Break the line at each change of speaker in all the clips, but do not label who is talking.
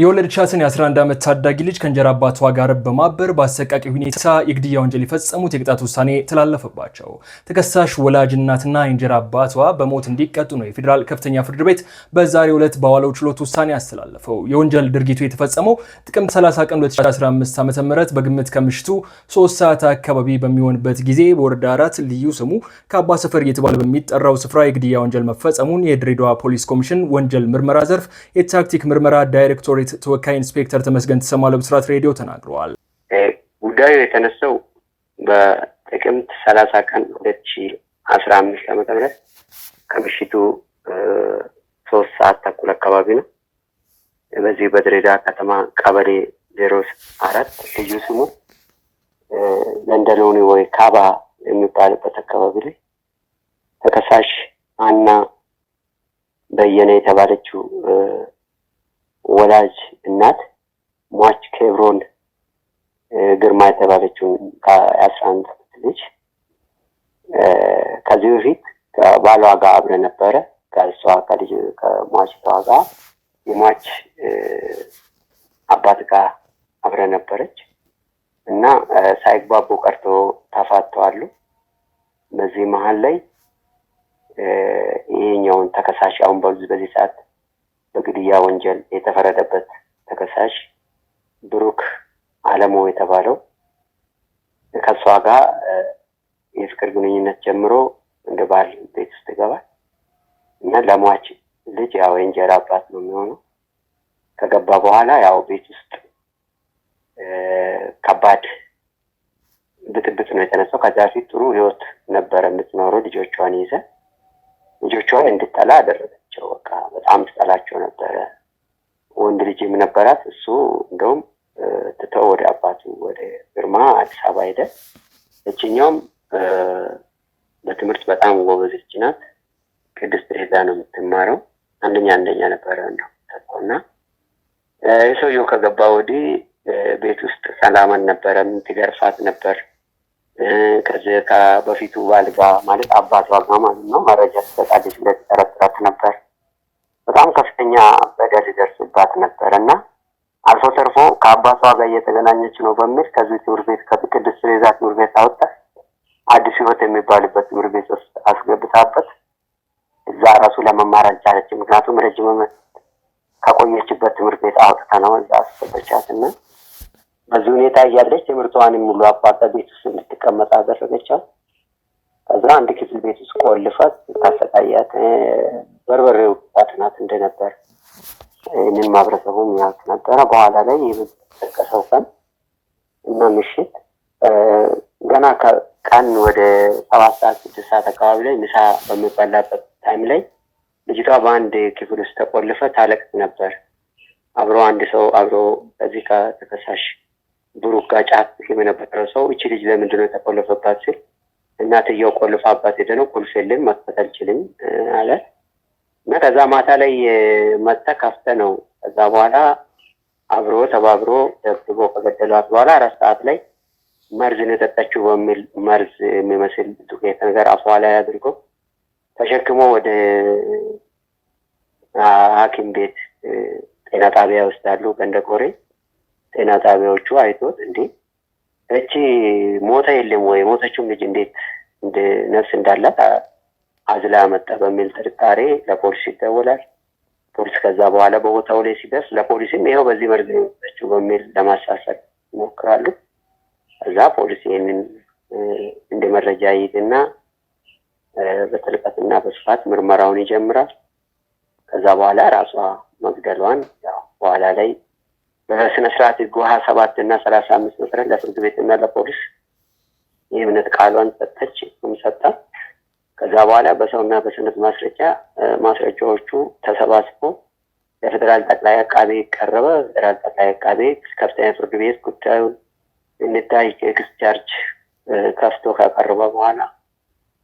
የወለደቻትን የ11 ዓመት ታዳጊ ልጅ ከእንጀራ አባቷ ጋር በማበር በአሰቃቂ ሁኔታ የግድያ ወንጀል የፈጸሙት የቅጣት ውሳኔ ተላለፈባቸው። ተከሳሽ ወላጅ እናትና የእንጀራ አባቷ በሞት እንዲቀጡ ነው የፌዴራል ከፍተኛ ፍርድ ቤት በዛሬው ዕለት በዋለው ችሎት ውሳኔ አስተላለፈው። የወንጀል ድርጊቱ የተፈጸመው ጥቅምት 30 ቀን 2015 ዓ.ም በግምት ከምሽቱ 3 ሰዓት አካባቢ በሚሆንበት ጊዜ በወረዳ አራት ልዩ ስሙ ከአባ ሰፈር እየተባለ በሚጠራው ስፍራ የግድያ ወንጀል መፈጸሙን የድሬዳዋ ፖሊስ ኮሚሽን ወንጀል ምርመራ ዘርፍ የታክቲክ ምርመራ ዳይሬክቶሬት ቤት ተወካይ ኢንስፔክተር ተመስገን ተሰማ ለብስራት ሬዲዮ ተናግረዋል።
ጉዳዩ የተነሳው በጥቅምት ሰላሳ ቀን ሁለት ሺ አስራ አምስት ዓመተ ምህረት ከምሽቱ ሶስት ሰዓት ተኩል አካባቢ ነው። በዚህ በድሬዳዋ ከተማ ቀበሌ ዜሮ አራት ልዩ ስሙ ለንደሎኒ ወይ ካባ የሚባልበት አካባቢ ላይ ተከሳሽ አና በየነ የተባለችው ወላጅ እናት ሟች ኬብሮን ግርማ የተባለችውን ከአስራ አንድ ልጅ ከዚህ በፊት ከባሏ ጋር አብረ ነበረ። ከእሷ ከልጅ ከሟችቷ ጋር የሟች አባት ጋር አብረ ነበረች እና ሳይግባቡ ቀርቶ ተፋተዋሉ። በዚህ መሀል ላይ ይሄኛውን ተከሳሽ አሁን በዚህ ሰዓት በግድያ ወንጀል የተፈረደበት ተከሳሽ ብሩክ አለሞ የተባለው ከእሷ ጋር የፍቅር ግንኙነት ጀምሮ እንደ ባል ቤት ውስጥ ይገባል እና ለሟች ልጅ ያው የእንጀራ አባት ነው የሚሆነው። ከገባ በኋላ ያው ቤት ውስጥ ከባድ ብጥብጥ ነው የተነሳው። ከዛ ፊት ጥሩ ህይወት ነበረ የምትኖረው ልጆቿን ይዘ ልጆቿን እንድጠላ አደረገ። ናቸው። በቃ በጣም ትጠላቸው ነበረ። ወንድ ልጅም ነበራት። እሱ እንደውም ትተው ወደ አባቱ ወደ ግርማ አዲስ አበባ ሄደ። እችኛውም በትምህርት በጣም ጎበዝ ልጅ ናት። ቅድስት ሄዳ ነው የምትማረው። አንደኛ አንደኛ ነበረ እንደው ተቆና የሰውየው ከገባ ወዲህ ቤት ውስጥ ሰላም አልነበረም። ትገርፋት ነበር። ከዚህ በፊቱ ባልጋ ማለት አባቷ ጋ ማለት ነው መረጃ ትሰጣለች ብለህ ትጠረጥራት ነበር። ከፍተኛ በደል ይደርስባት ነበር እና አልፎ ተርፎ ከአባቷ ጋር እየተገናኘች ነው በሚል ከዚህ ትምህርት ቤት ከቅድስት ቴሬዛ ትምህርት ቤት አወጣ አዲስ ህይወት የሚባልበት ትምህርት ቤት ውስጥ አስገብታበት እዛ ራሱ ለመማር አልቻለች። ምክንያቱም ረጅም ከቆየችበት ትምህርት ቤት አውጥታ ነው እዛ አስገበቻት እና በዚህ ሁኔታ እያለች ትምህርቷን ሙሉ አባጣ ቤት ውስጥ እንድትቀመጥ አደረገቻት። ከዛ አንድ ክፍል ቤት ውስጥ ቆልፋት ታሰቃያት፣ በርበሬ ውጣት እንደነበር ይህንን ማህበረሰቡም ያውቅ ነበረ። በኋላ ላይ የምጠቀሰው ቀን እና ምሽት ገና ቀን ወደ ሰባት ሰዓት ስድስት ሰዓት አካባቢ ላይ ምሳ በሚበላበት ታይም ላይ ልጅቷ በአንድ ክፍል ውስጥ ተቆልፈ ታለቅስ ነበር። አብሮ አንድ ሰው አብሮ ከዚህ ከተከሳሽ ብሩክ ጋር ጫት ሲም ሰው እቺ ልጅ ለምንድነው የተቆለፈባት ሲል እናትየው ቆልፋባት ሄደ ነው ቁልፍ የለም መክፈት አልችልም አለ። እና ከዛ ማታ ላይ መጥተ ከፍተ ነው። ከዛ በኋላ አብሮ ተባብሮ ደብድቦ ከገደሏት በኋላ አራት ሰዓት ላይ መርዝ ነው በሚል መርዝ የሚመስል ዱቄት ነገር አፏ ላይ አድርጎ ተሸክሞ ወደ ሐኪም ቤት ጤና ጣቢያ ውስጥ ያሉ ገንደቆሬ ጤና ጣቢያዎቹ አይቶት እንዴ እቺ ሞተ የለም ወይ ሞተችም ልጅ እንዴት ነፍስ እንዳላት አዝላ መጣ በሚል ጥርጣሬ ለፖሊስ ይደወላል። ፖሊስ ከዛ በኋላ በቦታው ላይ ሲደርስ ለፖሊስም ይኸው በዚህ መርዝ የመጣችው በሚል ለማሳሰብ ይሞክራሉ። እዛ ፖሊስ ይህንን እንደ መረጃ ይይዝና በጥልቀትና በስፋት ምርመራውን ይጀምራል። ከዛ በኋላ ራሷ መግደሏን ያው በኋላ ላይ በስነ ስርዓት ህግ ሀያ ሰባት እና ሰላሳ አምስት መሰረት ለፍርድ ቤትና ለፖሊስ የእምነት ቃሏን ሰጠች። ምሰጣል ከዛ በኋላ በሰውና በሰነድ ማስረጃ ማስረጃዎቹ ተሰባስቦ ለፌደራል ጠቅላይ አቃቤ ቀረበ። ፌዴራል ጠቅላይ አቃቤ ከፍተኛ ፍርድ ቤት ጉዳዩን እንታይ ኤክስ ቻርጅ ከፍቶ ካቀረበ በኋላ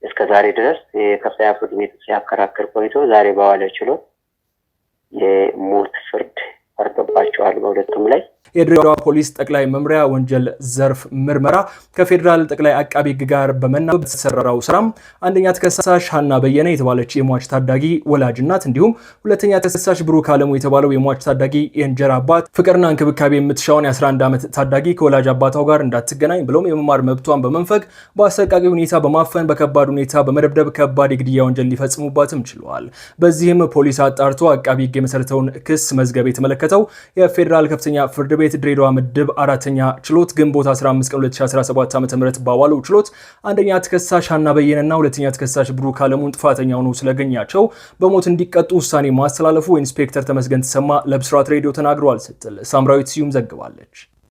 እስከ ዛሬ ድረስ የከፍተኛ ፍርድ ቤት ሲያከራክር ቆይቶ ዛሬ በዋለ ችሎት የሞት ፍርድ ፈርዶባቸዋል በሁለቱም ላይ።
የድሬዳዋ ፖሊስ ጠቅላይ መምሪያ ወንጀል ዘርፍ ምርመራ ከፌዴራል ጠቅላይ አቃቢ ሕግ ጋር በመናበብ በተሰራው ስራም አንደኛ ተከሳሽ ሀና በየነ የተባለች የሟች ታዳጊ ወላጅ እናት እንዲሁም ሁለተኛ ተከሳሽ ብሩክ አለሙ የተባለው የሟች ታዳጊ የእንጀራ አባት ፍቅርና እንክብካቤ የምትሻውን የ11 ዓመት ታዳጊ ከወላጅ አባቷ ጋር እንዳትገናኝ ብሎም የመማር መብቷን በመንፈግ በአሰቃቂ ሁኔታ በማፈን በከባድ ሁኔታ በመደብደብ ከባድ የግድያ ወንጀል ሊፈጽሙባትም ችለዋል። በዚህም ፖሊስ አጣርቶ አቃቢ ሕግ የመሰረተውን ክስ መዝገብ የተመለከተው የፌዴራል ከፍተኛ ፍርድ ፍርድ ቤት ድሬዳዋ ምድብ አራተኛ ችሎት ግንቦት 15 ቀን 2017 ዓ ም ባዋለው ችሎት አንደኛ ተከሳሽ ሀና በየነና ሁለተኛ ተከሳሽ ብሩክ አለሙን ጥፋተኛ ሆኖ ስለገኛቸው በሞት እንዲቀጡ ውሳኔ ማስተላለፉ ኢንስፔክተር ተመስገን ተሰማ ለብስራት ሬዲዮ ተናግረዋል ስትል ሳምራዊት ስዩም ዘግባለች።